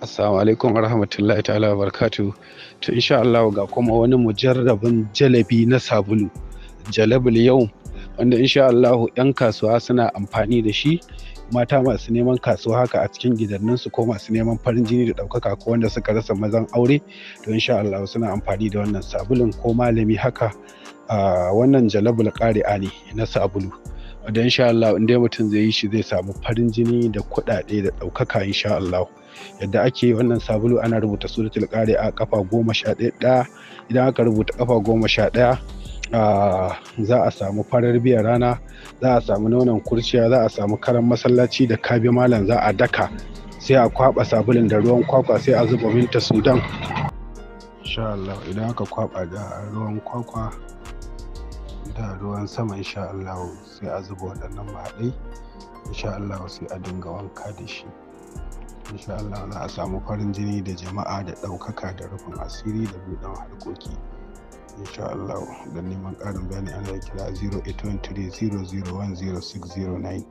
Assalamu alaikum warahmatullahi ta'ala barkatu. To insha Allah ga kuma wani mujarrabin jalabi na sabulu. Jalabul yau wanda insha Allah 'yan kasuwa suna amfani da shi mata masu neman kasuwa haka a cikin gidanninsu ko masu neman farin jini da ɗaukaka ko wanda suka rasa mazan aure to insha Allah suna amfani da wannan sabulun ko malami haka ah, wannan jalabul ƙari'a ne na sabulu. da insha Allah mutum zai yi shi zai samu farin jini da kuɗaɗe da ɗaukaka insha Allah yadda ake wannan sabulu ana rubuta suratul qari a kafa goma sha ɗaya idan aka rubuta kafa goma sha ɗaya za a samu farar biya rana za a samu nonon kurciya za a samu karan masallaci da kabi malam za a daka sai a kwaba sabulun da ruwan kwakwa sai a zuba minta sudan insha Allah idan aka kwaba da ruwan kwakwa da ruwan sama insha Allah sai a zuba waɗannan mahaɗai insha Allah sai a dinga wanka da shi insha Allah za a samu farin jini da jama'a da ɗaukaka da rufin asiri da buɗan harkoki insha Allah don neman ƙarin bayani ana kira 0823